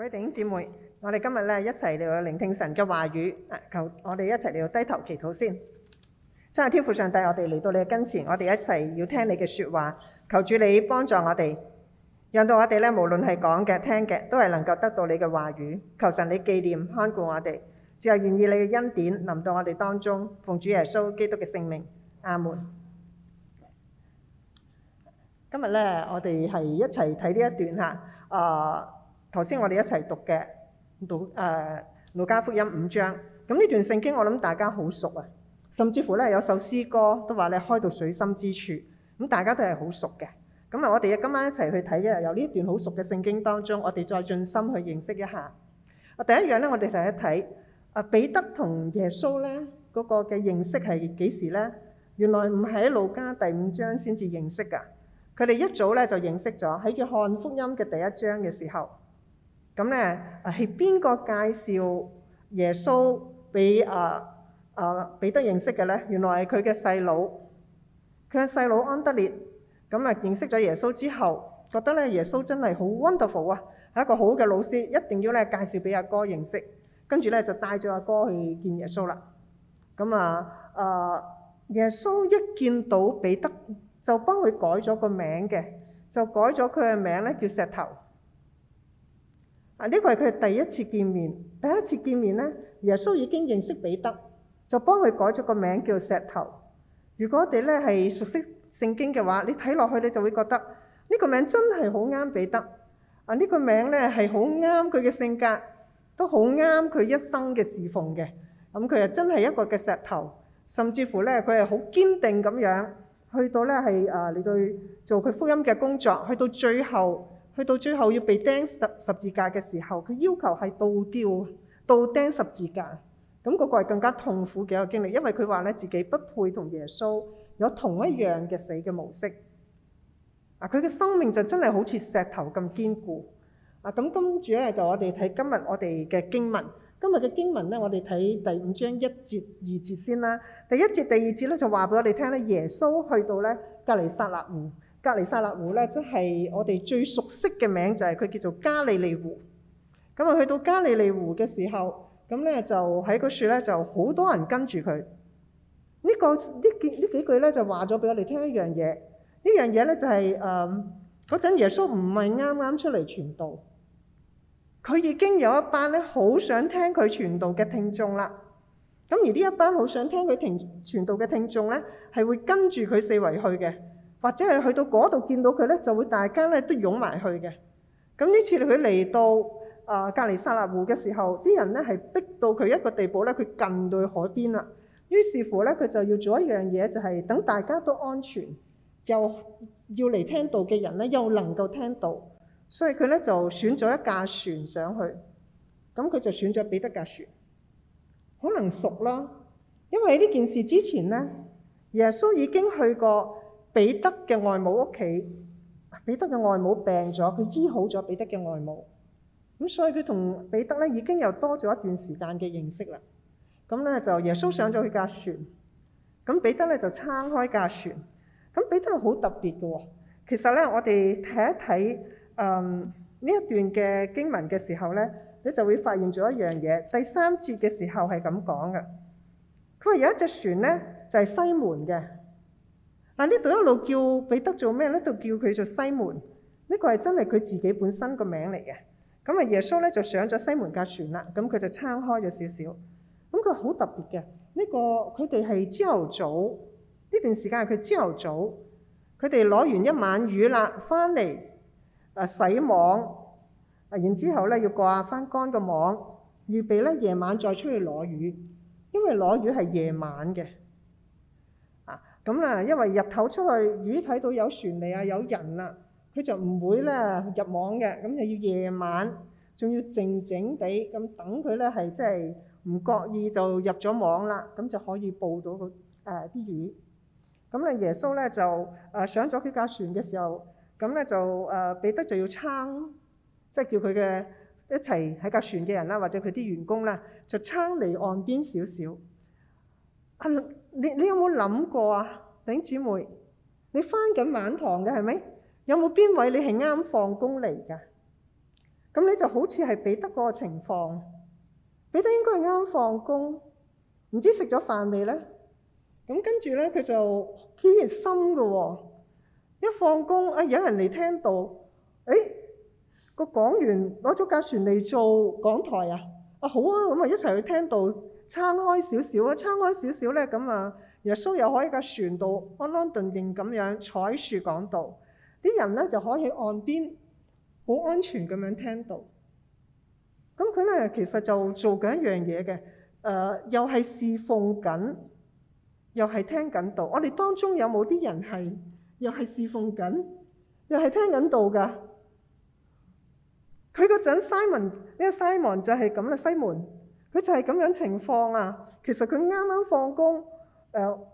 各位弟兄姊妹，我哋今日咧一齊嚟聆聽神嘅話語。求我哋一齊嚟低頭祈禱先。真係天父上帝，我哋嚟到你嘅跟前，我哋一齊要聽你嘅說話。求主你幫助我哋，讓到我哋咧無論係講嘅、聽嘅，都係能夠得到你嘅話語。求神你紀念看顧我哋，只係願意你嘅恩典臨到我哋當中。奉主耶穌基督嘅聖名，阿門。今日咧，我哋係一齊睇呢一段吓，啊！頭先我哋一齊讀嘅《路》誒《路加福音》五章，咁呢段聖經我諗大家好熟啊，甚至乎咧有首詩歌都話你開到水深之處，咁大家都係好熟嘅。咁啊，我哋今晚一齊去睇一下，由呢段好熟嘅聖經當中，我哋再進深去認識一下。啊，第一樣咧，我哋睇一睇啊，彼得同耶穌咧嗰個嘅認識係幾時咧？原來唔係喺《路加》第五章先至認識噶，佢哋一早咧就認識咗喺《約翰福音》嘅第一章嘅時候。咁咧係邊個介紹耶穌俾啊啊彼得認識嘅咧？原來係佢嘅細佬，佢嘅細佬安德烈。咁啊，認識咗耶穌之後，覺得咧耶穌真係好 wonderful 啊，係一個好嘅老師，一定要咧介紹俾阿哥認識。跟住咧就帶咗阿哥去見耶穌啦。咁啊啊耶穌一見到彼得就幫佢改咗個名嘅，就改咗佢嘅名咧叫石頭。啊！呢個係佢第一次見面，第一次見面咧，耶穌已經認識彼得，就幫佢改咗個名叫石頭。如果我哋咧係熟悉聖經嘅話，你睇落去你就會覺得呢個名真係好啱彼得。啊！呢個名咧係好啱佢嘅性格，都好啱佢一生嘅侍奉嘅。咁佢又真係一個嘅石頭，甚至乎咧佢係好堅定咁樣去到咧係啊！嚟到做佢福音嘅工作，去到最後。佢到最後要被釘十十字架嘅時候，佢要求係倒吊，倒釘十字架。咁、那、嗰個係更加痛苦嘅一個經歷，因為佢話咧自己不配同耶穌有同一樣嘅死嘅模式。啊，佢嘅生命就真係好似石頭咁堅固。啊，咁跟住咧就我哋睇今日我哋嘅經文。今日嘅經文咧，我哋睇第五章一節二節先啦。第一節第二節咧就話俾我哋聽咧，耶穌去到咧革尼撒勒湖。隔離撒勒湖咧，即係我哋最熟悉嘅名，就係佢叫做加利利湖。咁啊，去到加利利湖嘅時候，咁咧就喺個樹咧就好多人跟住佢。呢、這個呢幾呢幾句咧就話咗俾我哋聽一樣嘢。呢樣嘢咧就係誒嗰陣耶穌唔係啱啱出嚟傳道，佢已經有一班咧好想聽佢傳道嘅聽眾啦。咁而呢一班好想聽佢聽傳道嘅聽眾咧，係會跟住佢四圍去嘅。或者係去到嗰度見到佢咧，就會大家咧都擁埋去嘅。咁呢次佢嚟到啊、呃，革尼撒勒湖嘅時候，啲人咧係逼到佢一個地步咧，佢近到海邊啦。於是乎咧，佢就要做一樣嘢，就係、是、等大家都安全，又要嚟聽到嘅人咧，又能夠聽到，所以佢咧就選咗一架船上去。咁佢就選咗彼得架船，可能熟啦，因為喺呢件事之前咧，耶穌已經去過。彼得嘅外母屋企，彼得嘅外母病咗，佢醫好咗彼得嘅外母，咁所以佢同彼得咧已經有多咗一段時間嘅認識啦。咁咧就耶穌上咗佢架船，咁彼得咧就撐開架船。咁彼得係好特別嘅喎，其實咧我哋睇一睇嗯呢一段嘅經文嘅時候咧，你就會發現咗一樣嘢。第三節嘅時候係咁講嘅，佢話有一隻船咧就係、是、西門嘅。但呢度一路叫彼得做咩咧？度叫佢做西門，呢個係真係佢自己本身個名嚟嘅。咁啊，耶穌咧就上咗西門架船啦。咁佢就撐開咗少少。咁佢好特別嘅。呢個佢哋係朝頭早呢段時間，係佢朝頭早佢哋攞完一晚魚啦，翻嚟啊洗網啊，然之後咧要掛翻乾個網，預備咧夜晚再出去攞魚，因為攞魚係夜晚嘅。咁啦，因為日頭出去，魚睇到有船嚟啊，有人啦，佢就唔會咧入網嘅。咁就要夜晚，仲要靜靜地咁等佢咧，係即係唔覺意就入咗網啦。咁就可以捕到個啲、呃、魚。咁咧，耶穌咧就誒、呃、上咗佢架船嘅時候，咁咧就誒、呃、彼得就要撐，即、就、係、是、叫佢嘅一齊喺架船嘅人啦，或者佢啲員工啦，就撐離岸邊少少。啊。你你有冇諗過啊，弟兄姊妹？你翻緊晚堂嘅係咪？有冇邊位你係啱放工嚟噶？咁你就好似係彼得嗰個情況。彼得應該係啱放工，唔知食咗飯未咧？咁跟住咧，佢就幾熱心噶喎！一放工啊，有、哎、人嚟聽到，誒、哎個講員攞咗架船嚟做講台啊！啊好啊，咁啊一齊去聽到。撐開少少啊，撐開少少咧，咁啊，耶穌又可以架船度安安頓定咁樣坐喺樹港度。啲人咧就可以喺岸邊好安全咁樣聽到。咁佢咧，其實就做緊一樣嘢嘅，誒、呃、又係侍奉緊，又係聽緊道。我哋當中有冇啲人係又係侍奉緊，又係聽緊道噶？佢個長 Simon，呢個就 Simon 就係咁啦，西門。佢就係咁樣情況啊！其實佢啱啱放工，誒、呃、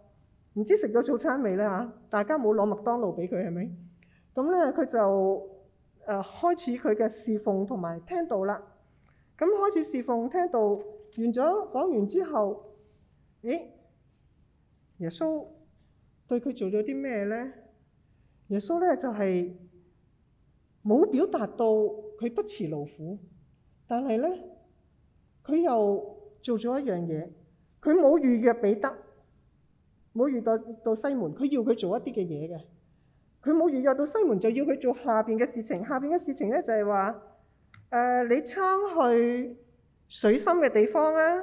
唔知食咗早餐未咧嚇？大家冇攞麥當勞俾佢係咪？咁咧佢就誒、呃、開始佢嘅侍奉同埋聽道啦。咁開始侍奉聽道完咗講完之後，咦？耶穌對佢做咗啲咩咧？耶穌咧就係、是、冇表達到佢不辭勞苦，但係咧。佢又做咗一樣嘢，佢冇預約彼得，冇預約到西門，佢要佢做一啲嘅嘢嘅，佢冇預約到西門，就要佢做下邊嘅事情。下邊嘅事情咧就係話，誒、呃、你撐去水深嘅地方啊，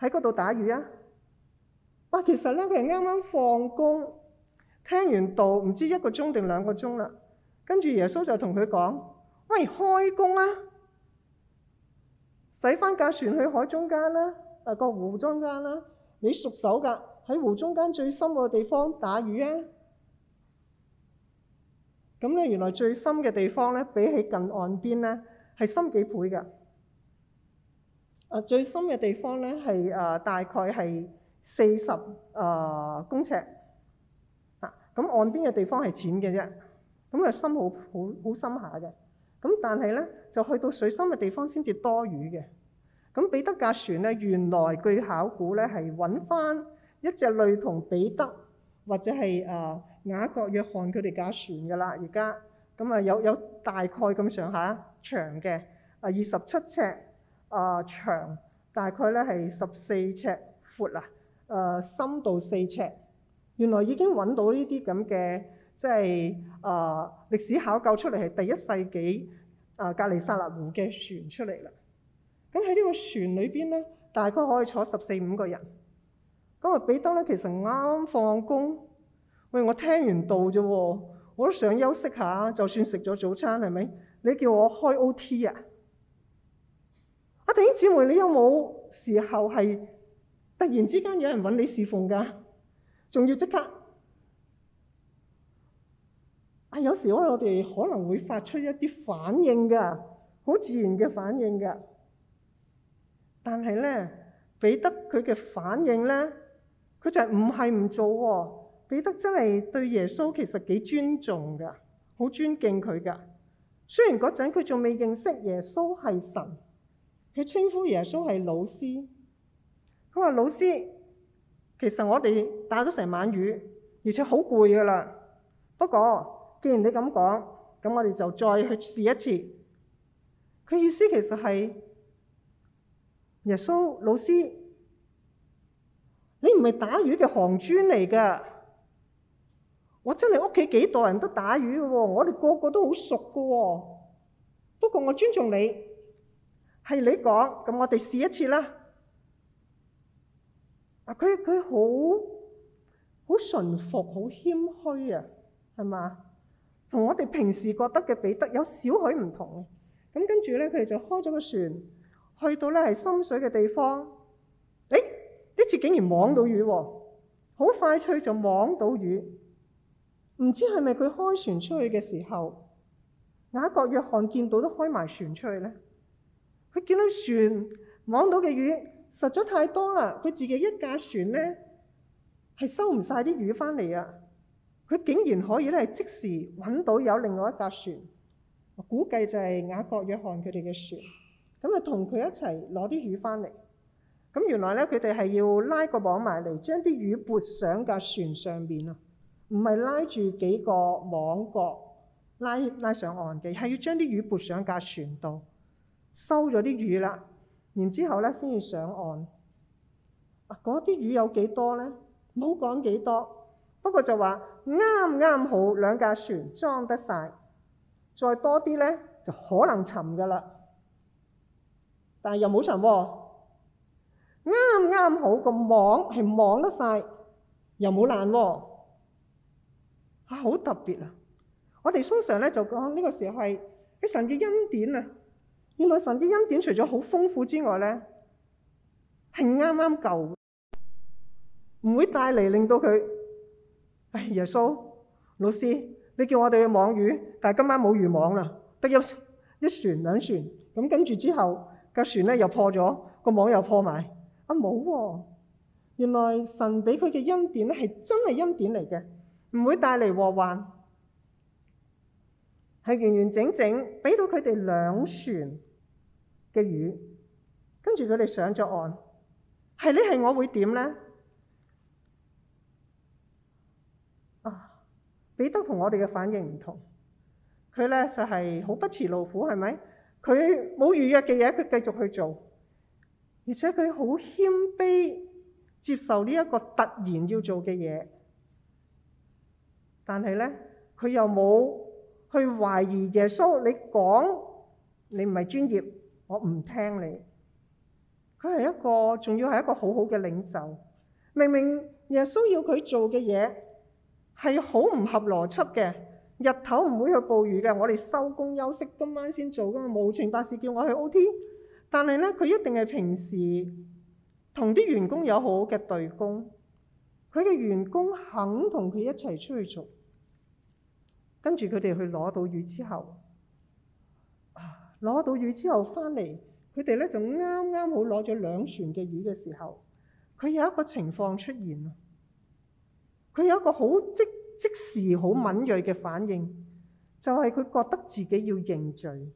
喺嗰度打魚啊。哇，其實咧佢係啱啱放工，聽完道唔知一個鐘定兩個鐘啦，穌跟住耶穌就同佢講，喂，開工啊！使翻架船去海中間啦，啊個湖中間啦，你熟手噶喺湖中間最深個地方打魚啊！咁咧原來最深嘅地方咧，比起近岸邊咧係深幾倍噶、呃。啊，最深嘅地方咧係啊大概係四十啊公尺啊，咁岸邊嘅地方係淺嘅啫，咁啊深好好好深下嘅。咁但係咧，就去到水深嘅地方先至多魚嘅。咁彼得架船咧，原來據考古咧係揾翻一隻類同彼得或者係啊、呃、雅各的的、約翰佢哋架船噶啦。而家咁啊有有大概咁上下長嘅啊二十七尺啊、呃、長，大概咧係十四尺闊啦，誒、呃、深度四尺。原來已經揾到呢啲咁嘅即係。啊！Uh, 歷史考究出嚟係第一世紀啊，革尼撒勒湖嘅船出嚟啦。咁喺呢個船裏邊咧，大概可以坐十四五個人。咁、那、啊、個，彼得咧其實啱啱放工，喂，我聽完道啫，我都想休息下，就算食咗早餐係咪？你叫我開 O T 啊？弟兄姊妹，你有冇時候係突然之間有人搵你侍奉㗎？仲要即刻？有時候我哋可能會發出一啲反應嘅，好自然嘅反應嘅。但係咧，彼得佢嘅反應咧，佢就唔係唔做、哦。喎。彼得真係對耶穌其實幾尊重嘅，好尊敬佢嘅。雖然嗰陣佢仲未認識耶穌係神，佢稱呼耶穌係老師。佢話老師，其實我哋打咗成晚魚，而且好攰噶啦。不過既然你咁講，咁我哋就再去試一次。佢意思其實係耶穌老師，你唔係打魚嘅行專嚟㗎。我真係屋企幾代人都打魚嘅、啊、喎，我哋個個都好熟嘅喎、啊。不過我尊重你，係你講，咁我哋試一次啦。啊，佢佢好好順服，好謙虛啊，係嘛？同我哋平時覺得嘅彼得有少許唔同嘅，咁跟住咧，佢哋就開咗個船去到咧係深水嘅地方，誒、欸、呢次竟然網到魚喎，好快脆就網到魚，唔知係咪佢開船出去嘅時候，雅各約翰見到都開埋船出去咧，佢見到船網到嘅魚實在太多啦，佢自己一架船咧係收唔晒啲魚返嚟啊！佢竟然可以咧，即時揾到有另外一架船，估計就係雅各、約翰佢哋嘅船，咁啊同佢一齊攞啲魚翻嚟。咁原來咧，佢哋係要拉個網埋嚟，將啲魚撥上架船上面啊，唔係拉住幾個網角拉拉上岸嘅，係要將啲魚撥上架船度，收咗啲魚啦，然之後咧先至上岸。嗰啲魚有幾多咧？冇講幾多。不過就話啱啱好兩架船裝得晒，再多啲咧就可能沉噶啦。但係又冇沉喎，啱啱好個網係網得晒，又冇爛喎。啊，好特別啊！我哋通常咧就講呢個時候係啲神嘅恩典啊。原來神嘅恩典除咗好豐富之外咧，係啱啱夠，唔會帶嚟令到佢。哎、耶穌老師，你叫我哋去網魚，但係今晚冇魚網啦，得一,一船兩船，咁跟住之後架船咧又破咗，個網又破埋。啊冇喎、哦，原來神畀佢嘅恩典咧係真係恩典嚟嘅，唔會帶嚟禍患，係完完整整畀到佢哋兩船嘅魚，跟住佢哋上咗岸。係你係我會點咧？彼得同我哋嘅反應唔同，佢咧就係好不辭勞苦，係咪？佢冇預約嘅嘢，佢繼續去做，而且佢好謙卑接受呢一個突然要做嘅嘢。但係咧，佢又冇去懷疑耶穌。你講你唔係專業，我唔聽你。佢係一個仲要係一個好好嘅領袖。明明耶穌要佢做嘅嘢。係好唔合邏輯嘅，日頭唔會去捕魚嘅，我哋收工休息，今晚先做。咁啊無情白事叫我去 O T，但係呢，佢一定係平時同啲員工有好好嘅對工。佢嘅員工肯同佢一齊出去做，跟住佢哋去攞到魚之後，攞、啊、到魚之後翻嚟，佢哋呢就啱啱好攞咗兩船嘅魚嘅時候，佢有一個情況出現。佢有一個好即即時、好敏鋭嘅反應，就係佢覺得自己要認罪。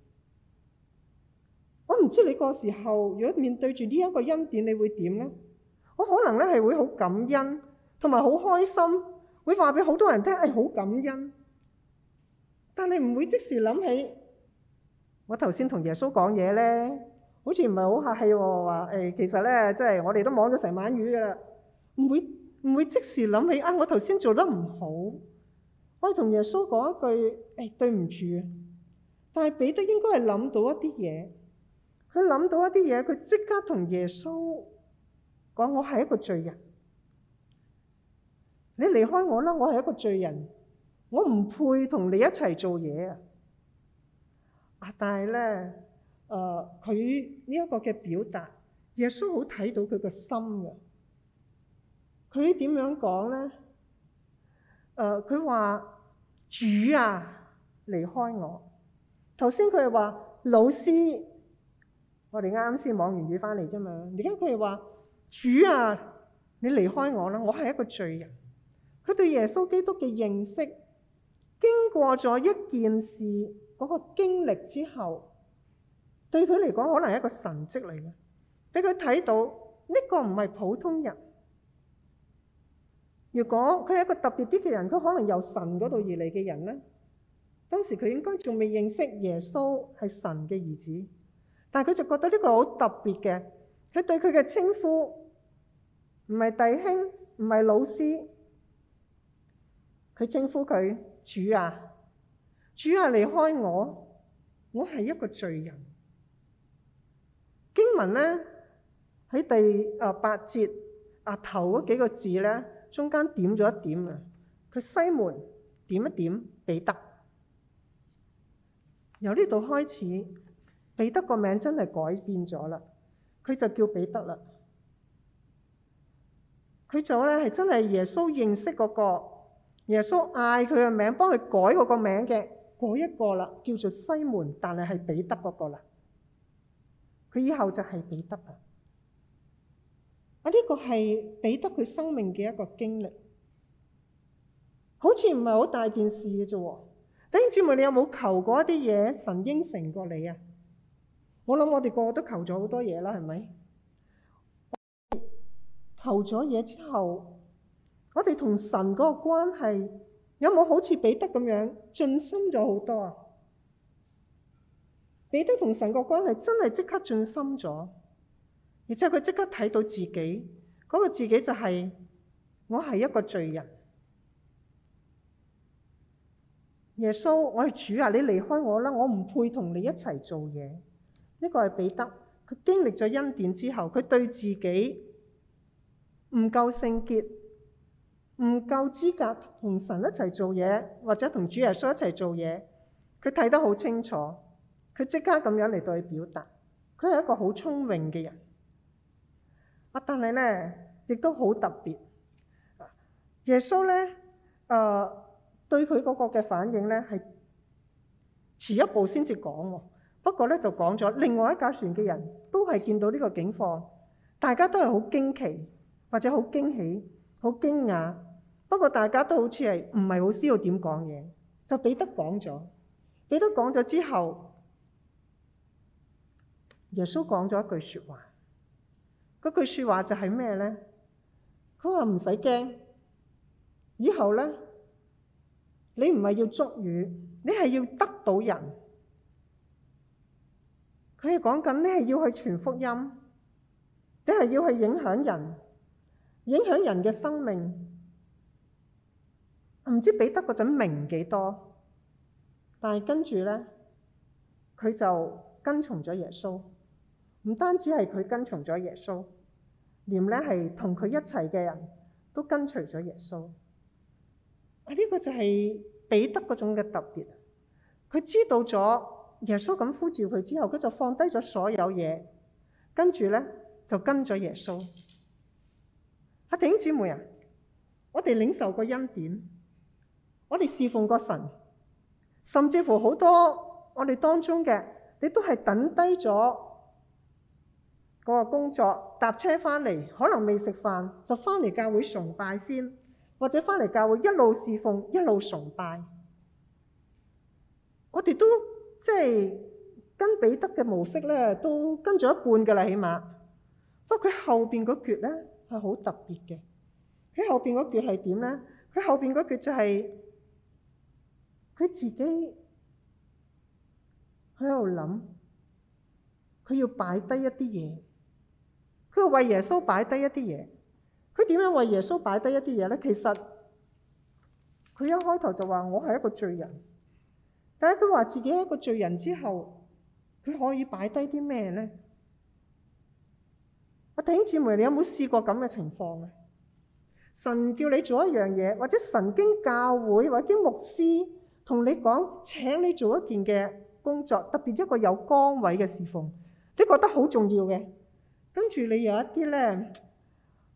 我唔知你個時候，如果面對住呢一個恩典，你會點咧？我可能咧係會好感恩，同埋好開心，會話俾好多人聽，誒好感恩。但你唔會即時諗起，我頭先同耶穌講嘢咧，好似唔係好客氣喎，話誒其實咧，即係我哋都網咗成晚魚㗎啦，唔會。唔會即時諗起啊、哎！我頭先做得唔好，我同耶穌講一句：誒、哎，對唔住。但係彼得應該係諗到一啲嘢，佢諗到一啲嘢，佢即刻同耶穌講：我係一個罪人，你離開我啦！我係一個罪人，我唔配同你一齊做嘢啊！啊，但係咧，誒、呃，佢呢一個嘅表達，耶穌好睇到佢個心嘅。佢點樣講咧？誒、呃，佢話主啊，離開我。頭先佢係話老師，我哋啱先網完魚翻嚟啫嘛。而家佢係話主啊，你離開我啦，我係一個罪人。佢對耶穌基督嘅認識，經過咗一件事嗰、那個經歷之後，對佢嚟講可能係一個神跡嚟嘅，俾佢睇到呢、這個唔係普通人。如果佢係一個特別啲嘅人，佢可能由神嗰度而嚟嘅人呢。當時佢應該仲未認識耶穌係神嘅兒子，但係佢就覺得呢個好特別嘅。佢對佢嘅稱呼唔係弟兄，唔係老師，佢稱呼佢主啊，主啊，離開我，我係一個罪人。經文呢，喺第八節啊，頭嗰幾個字呢。中間點咗一點啊，佢西門點一點彼得，由呢度開始，彼得個名真係改變咗啦。佢就叫彼得啦。佢咗咧係真係耶穌認識嗰個，耶穌嗌佢嘅名，幫佢改嗰個名嘅嗰一個啦，叫做西門，但係係彼得嗰個啦。佢以後就係彼得啦。啊！呢、這個係彼得佢生命嘅一個經歷，好似唔係好大件事嘅啫。弟兄姊妹，你有冇求過一啲嘢？神應承過你啊？我諗我哋個個都求咗好多嘢啦，係咪？求咗嘢之後，我哋同神嗰個關係有冇好似彼得咁樣進深咗好多啊？彼得同神個關係真係即刻進深咗。而且佢即刻睇到自己嗰、那個自己就係、是、我係一個罪人。耶穌，我係主啊！你離開我啦，我唔配同你一齊做嘢。呢、這個係彼得，佢經歷咗恩典之後，佢對自己唔夠聖潔，唔夠資格同神一齊做嘢，或者同主耶穌一齊做嘢。佢睇得好清楚，佢即刻咁樣嚟對你表達，佢係一個好聰明嘅人。但係咧，亦都好特別。耶穌咧，誒、呃、對佢嗰個嘅反應咧，係遲一步先至講喎。不過咧，就講咗另外一架船嘅人都係見到呢個境況，大家都係好驚奇，或者好驚喜、好驚訝。不過大家都好似係唔係好知道點講嘢，就彼得講咗。彼得講咗之後，耶穌講咗一句説話。嗰句説話就係咩呢？佢話唔使驚，以後呢，你唔係要捉魚，你係要得到人。佢係講緊你係要去傳福音，你係要去影響人，影響人嘅生命。唔知彼得嗰陣明幾多，但係跟住呢，佢就跟從咗耶穌。唔單止係佢跟從咗耶穌，連咧係同佢一齊嘅人都跟隨咗耶穌。啊，呢個就係彼得嗰種嘅特別。佢知道咗耶穌咁呼召佢之後，佢就放低咗所有嘢，跟住咧就跟咗耶穌。阿、啊、弟兄姊妹啊，我哋領受過恩典，我哋侍奉過神，甚至乎好多我哋當中嘅，你都係等低咗。嗰個工作搭車返嚟，可能未食飯就返嚟教會崇拜先，或者返嚟教會一路侍奉一路崇拜。我哋都即係跟彼得嘅模式咧，都跟咗一半㗎喇，起碼。不過佢後邊嗰橛咧係好特別嘅。佢後邊嗰橛係點咧？佢後邊嗰橛就係、是、佢自己喺度諗，佢要擺低一啲嘢。為耶穌擺低一啲嘢，佢點樣為耶穌擺低一啲嘢咧？其實佢一開頭就話我係一個罪人，但係佢話自己係一個罪人之後，佢可以擺低啲咩咧？我弟兄姊妹，你有冇試過咁嘅情況啊？神叫你做一樣嘢，或者神經教會或者牧師同你講，請你做一件嘅工作，特別一個有崗位嘅侍奉，你覺得好重要嘅。跟住你有一啲咧，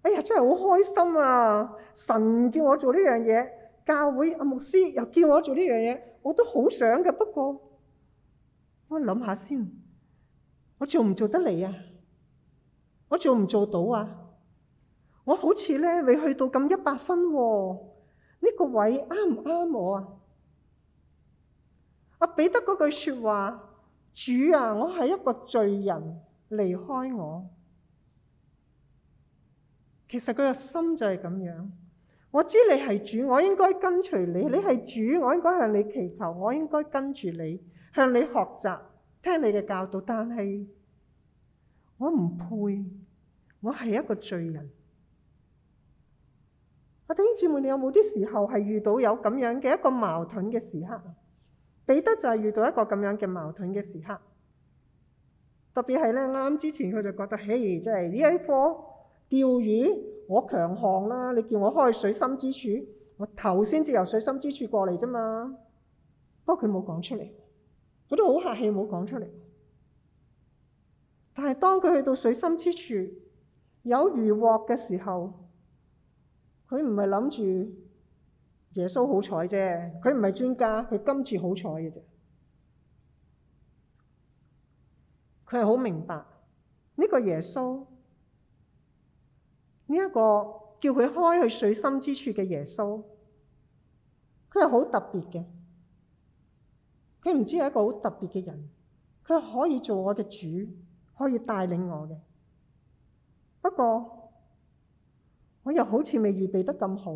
哎呀，真係好開心啊！神叫我做呢樣嘢，教會阿牧師又叫我做呢樣嘢，我都好想嘅。不過我諗下先，我做唔做得嚟啊？我做唔做到啊？我好似咧未去到咁一百分喎，啊，呢、呢個位啱唔啱我啊？阿彼得嗰句説話：主啊，我係一個罪人，離開我。其實佢個心就係咁樣，我知你係主，我應該跟隨你；你係主，我應該向你祈求，我應該跟住你，向你學習，聽你嘅教導。但係我唔配，我係一個罪人。我弟兄姊妹，你有冇啲時候係遇到有咁樣嘅一個矛盾嘅時刻？彼得就係遇到一個咁樣嘅矛盾嘅時刻，特別係呢啱之前佢就覺得，嘿，真係呢一科。釣魚我強項啦，你叫我開水深之處，我頭先就由水深之處過嚟啫嘛。不過佢冇講出嚟，佢都好客氣冇講出嚟。但係當佢去到水深之處有魚獲嘅時候，佢唔係諗住耶穌好彩啫，佢唔係專家，佢今次好彩嘅啫。佢係好明白呢個耶穌。呢一個叫佢開去水深之處嘅耶穌，佢係好特別嘅。佢唔止係一個好特別嘅人，佢可以做我嘅主，可以帶領我嘅。不過我又好似未預備得咁好，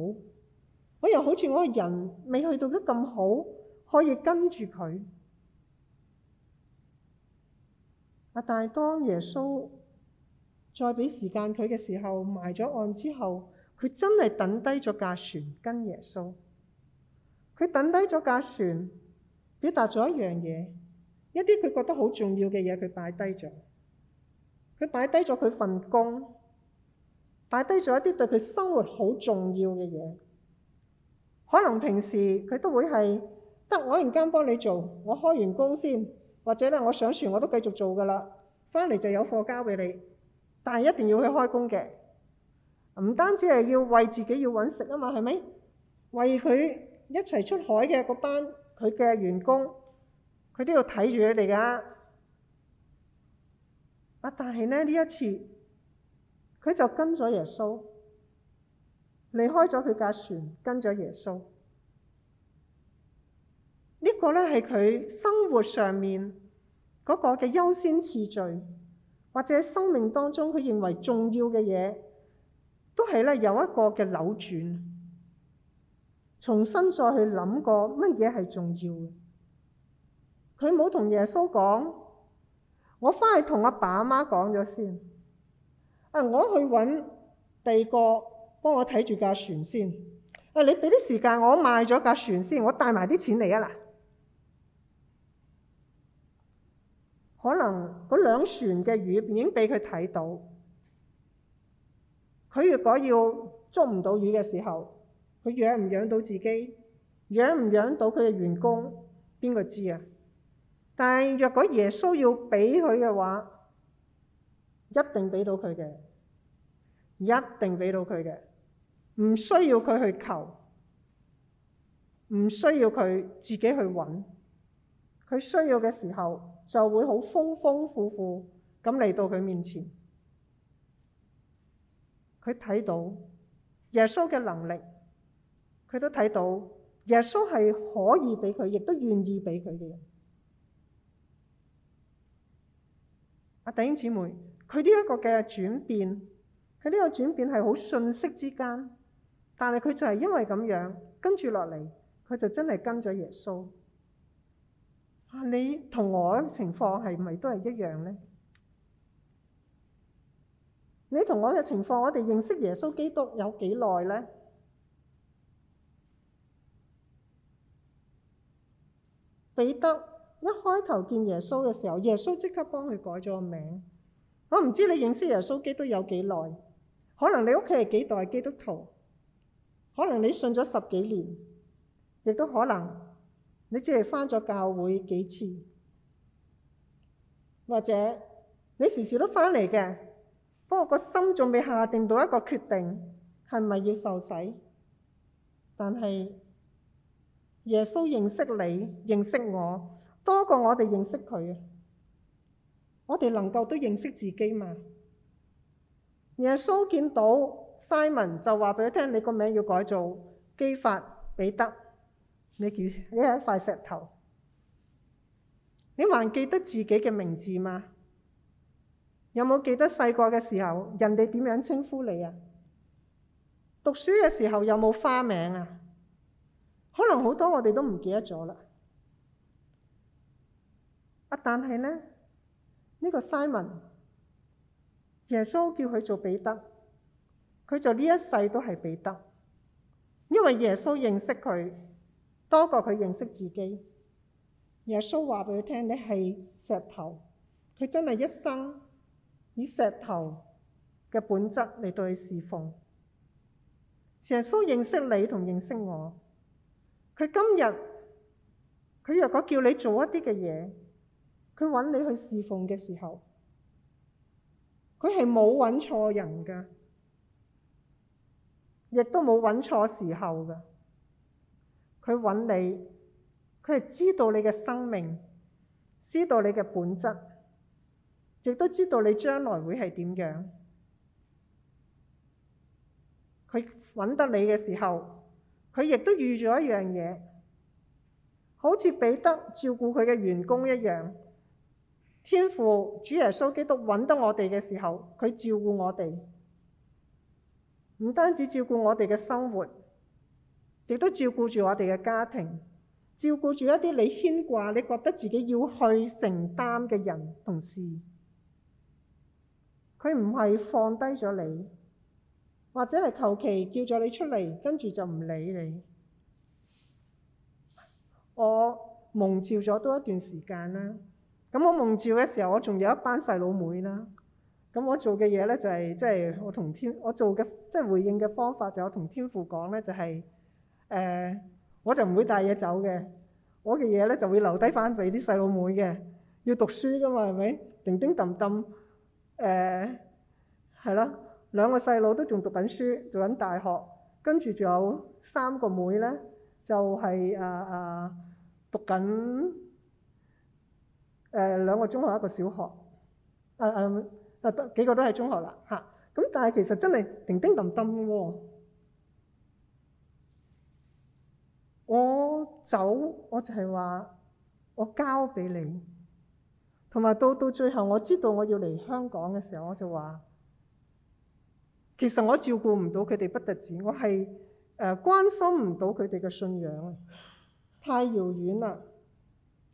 我又好似我個人未去到得咁好，可以跟住佢。阿但係當耶穌再俾時間佢嘅時候，埋咗岸之後，佢真係等低咗架船跟耶穌。佢等低咗架船，表達咗一樣嘢，一啲佢覺得好重要嘅嘢，佢擺低咗。佢擺低咗佢份工，擺低咗一啲對佢生活好重要嘅嘢。可能平時佢都會係得我而家幫你做，我開完工先，或者咧我上船我都繼續做㗎啦，翻嚟就有貨交俾你。但係一定要去開工嘅，唔單止係要為自己要搵食啊嘛，係咪？為佢一齊出海嘅嗰班佢嘅員工，佢都要睇住佢哋噶。啊！但係呢，呢一次，佢就跟咗耶穌，離開咗佢架船，跟咗耶穌。呢、呢個呢，係佢生活上面嗰個嘅優先次序。或者生命當中佢認為重要嘅嘢，都係咧，有一個嘅扭轉，重新再去諗過乜嘢係重要嘅。佢冇同耶穌講，我返去同阿爸阿媽講咗先。啊，我去揾第個幫我睇住架船先。啊，你俾啲時間我賣咗架船先，我帶埋啲錢嚟啊！可能嗰兩船嘅魚已經俾佢睇到，佢如果要捉唔到魚嘅時候，佢養唔養到自己，養唔養到佢嘅員工，邊個知啊？但係如果耶穌要俾佢嘅話，一定俾到佢嘅，一定俾到佢嘅，唔需要佢去求，唔需要佢自己去揾。佢需要嘅時候就會好豐豐富富咁嚟到佢面前。佢睇到耶穌嘅能力，佢都睇到耶穌係可以畀佢，亦都願意俾佢嘅人。阿弟兄姊妹，佢呢一個嘅轉變，佢呢個轉變係好瞬息之間，但係佢就係因為咁樣跟住落嚟，佢就真係跟咗耶穌。你同我嘅情況係咪都係一樣呢？你同我嘅情況，我哋認識耶穌基督有幾耐呢？彼得一開頭見耶穌嘅時候，耶穌即刻幫佢改咗個名。我唔知你認識耶穌基督有幾耐，可能你屋企係幾代基督徒，可能你信咗十幾年，亦都可能，你只係返咗教會幾次，或者你時時都返嚟嘅，不過個心仲未下定到一個決定，係咪要受洗？但係耶穌認識你，認識我多過我哋認識佢。我哋能夠都認識自己嘛？耶穌見到 Simon，就話俾佢聽：你個名要改做基法彼得。你叫你係一塊石頭，你還記得自己嘅名字嗎？有冇記得細個嘅時候人哋點樣稱呼你啊？讀書嘅時候有冇花名啊？可能好多我哋都唔記得咗啦。啊，但係呢，呢，呢個 Simon，耶穌叫佢做彼得，佢就呢一世都係彼得，因為耶穌認識佢。多過佢認識自己，耶穌話俾佢聽：你係石頭，佢真係一生以石頭嘅本質嚟對你侍奉。耶穌認識你同認識我，佢今日佢若果叫你做一啲嘅嘢，佢揾你去侍奉嘅時候，佢係冇揾錯人㗎，亦都冇揾錯時候㗎。佢揾你，佢係知道你嘅生命，知道你嘅本質，亦都知道你將來會係點樣。佢揾得你嘅時候，佢亦都預咗一樣嘢，好似彼得照顧佢嘅員工一樣。天父主耶穌基督揾得我哋嘅時候，佢照顧我哋，唔單止照顧我哋嘅生活。亦都照顧住我哋嘅家庭，照顧住一啲你牽掛、你覺得自己要去承擔嘅人同事。佢唔係放低咗你，或者係求其叫咗你出嚟，跟住就唔理你。我蒙召咗多一段時間啦，咁我蒙召嘅時候，我仲有一班細佬妹啦。咁我做嘅嘢呢，就係即係我同天我做嘅即係回應嘅方法就我同天父講呢、就係，就係。誒、uh,，我就唔會帶嘢走嘅，我嘅嘢咧就會留低翻俾啲細佬妹嘅，要讀書噶嘛，係咪？叮叮噹噹，誒、uh,，係啦，兩個細佬都仲讀緊書，做緊大學，跟住仲有三個妹咧，就係、是、啊啊，讀緊誒兩個中學一個小學，啊啊啊，幾個都係中學啦嚇，咁、啊、但係其實真係叮叮噹噹喎。我走，我就係話我交俾你，同埋到到最後我知道我要嚟香港嘅時候，我就話其實我照顧唔到佢哋不特止，我係誒、呃、關心唔到佢哋嘅信仰啊，太遙遠啦！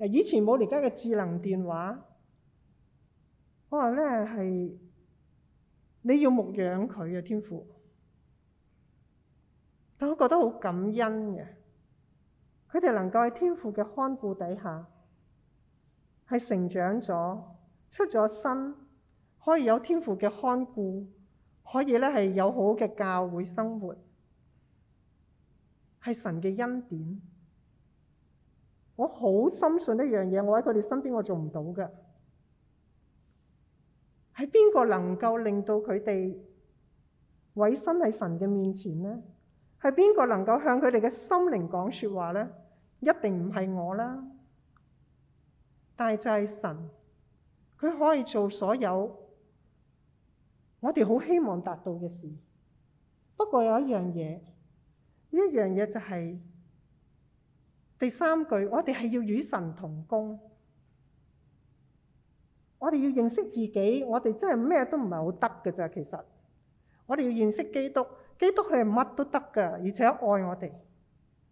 以前冇而家嘅智能電話，我話呢係你要牧養佢嘅天父，但我覺得好感恩嘅。佢哋能夠喺天父嘅看顧底下，係成長咗，出咗身，可以有天父嘅看顧，可以呢係有好好嘅教會生活，係神嘅恩典。我好深信一樣嘢，我喺佢哋身邊，我做唔到嘅。係邊個能夠令到佢哋委身喺神嘅面前呢？係邊個能夠向佢哋嘅心靈講說話呢？一定唔係我啦，但就就係神，佢可以做所有我哋好希望達到嘅事。不過有一樣嘢，呢一樣嘢就係第三句，我哋係要與神同工。我哋要認識自己，我哋真係咩都唔係好得嘅咋。其實我哋要認識基督，基督係乜都得嘅，而且愛我哋，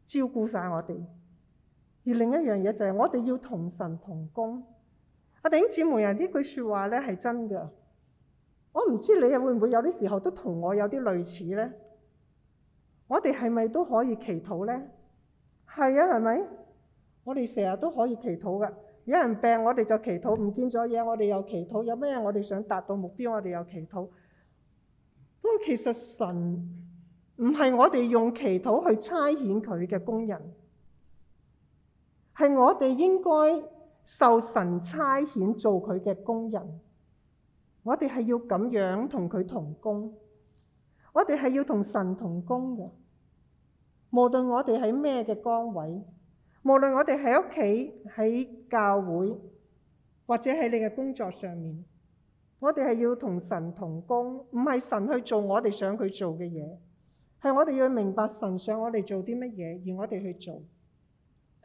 照顧晒我哋。而另一樣嘢就係我哋要同神同工。阿、啊、弟兄姊妹啊，呢句説話呢係真㗎。我唔知你又會唔會有啲時候都同我有啲類似呢？我哋係咪都可以祈禱呢？係啊，係咪？我哋成日都可以祈禱㗎。有人病，我哋就祈禱；唔見咗嘢，我哋又祈禱。有咩我哋想達到目標，我哋又祈禱。不過其實神唔係我哋用祈禱去差遣佢嘅工人。係我哋應該受神差遣做佢嘅工人，我哋係要咁樣同佢同工，我哋係要同神同工嘅。無論我哋喺咩嘅崗位，無論我哋喺屋企、喺教會或者喺你嘅工作上面，我哋係要同神同工，唔係神去做我哋想佢做嘅嘢，係我哋要明白神想我哋做啲乜嘢，而我哋去做。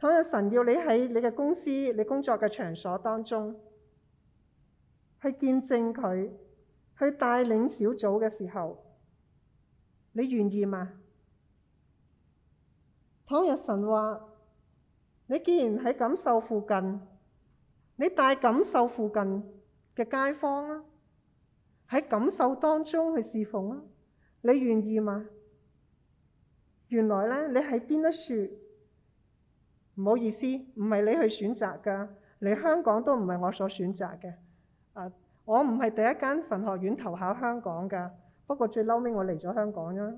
倘若神要你喺你嘅公司、你工作嘅場所當中，去見證佢，去帶領小組嘅時候，你願意嘛？倘若神話，你既然喺錦綉附近，你帶錦綉附近嘅街坊啦，喺錦綉當中去侍奉啦，你願意嘛？原來呢，你喺邊一樹？唔好意思，唔係你去選擇㗎，嚟香港都唔係我所選擇嘅。Uh, 我唔係第一間神學院投考香港㗎，不過最嬲尾我嚟咗香港啦。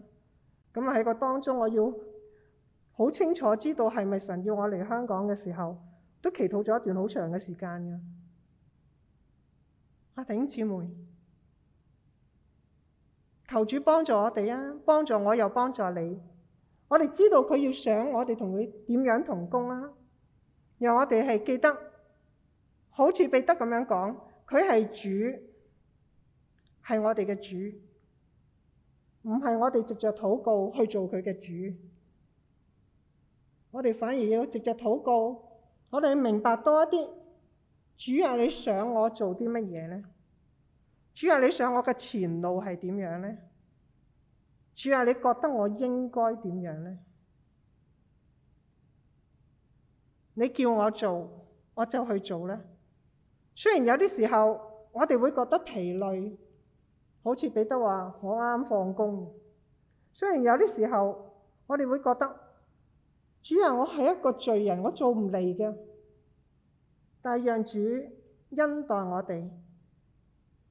咁喺個當中，我要好清楚知道係咪神要我嚟香港嘅時候，都祈禱咗一段好長嘅時間嘅。阿、啊、頂姊妹，求主幫助我哋啊，幫助我又幫助你。我哋知道佢要想我哋同佢點樣同工啦，讓我哋係記得，好似彼得咁樣講，佢係主，係我哋嘅主，唔係我哋直接禱告去做佢嘅主。我哋反而要直接禱告，我哋要明白多一啲，主啊，你想我做啲乜嘢咧？主啊，你想我嘅前路係點樣咧？主啊，你覺得我應該點樣呢？你叫我做，我就去做咧。雖然有啲時候我哋會覺得疲累，好似彼得話：我啱放工。雖然有啲時候我哋會覺得，主啊，我係一個罪人，我做唔嚟嘅。但係讓主恩待我哋，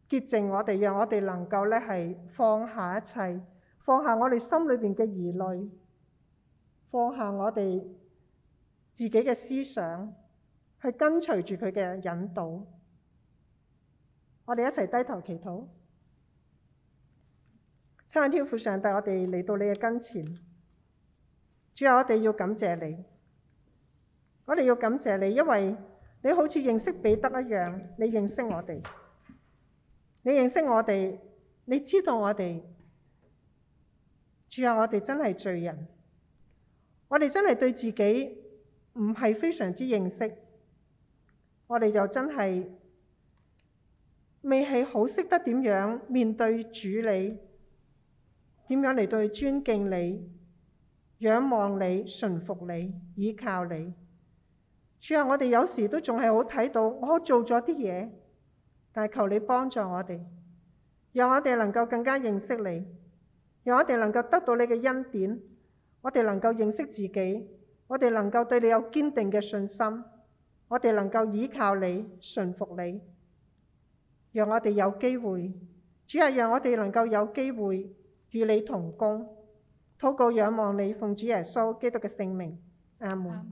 潔淨我哋，讓我哋能夠咧係放下一切。放下我哋心裏面嘅疑慮，放下我哋自己嘅思想，去跟隨住佢嘅引導。我哋一齊低頭祈禱，親愛的天父上帝，我哋嚟到你嘅跟前。主啊，我哋要感謝你，我哋要感謝你，因為你好似認識彼得一樣，你認識我哋，你認識我哋，你知道我哋。主啊！我哋真係罪人，我哋真係對自己唔係非常之認識，我哋就真係未係好識得點樣面對主你，點樣嚟對尊敬你、仰望你、順服你、倚靠你。主啊！我哋有時都仲係好睇到我做咗啲嘢，但求你幫助我哋，讓我哋能夠更加認識你。讓我哋能夠得到你嘅恩典，我哋能夠認識自己，我哋能夠對你有堅定嘅信心，我哋能夠依靠你、順服你。讓我哋有機會，主啊，讓我哋能夠有機會與你同工。禱告仰望你，奉主耶穌基督嘅聖名，阿門。阿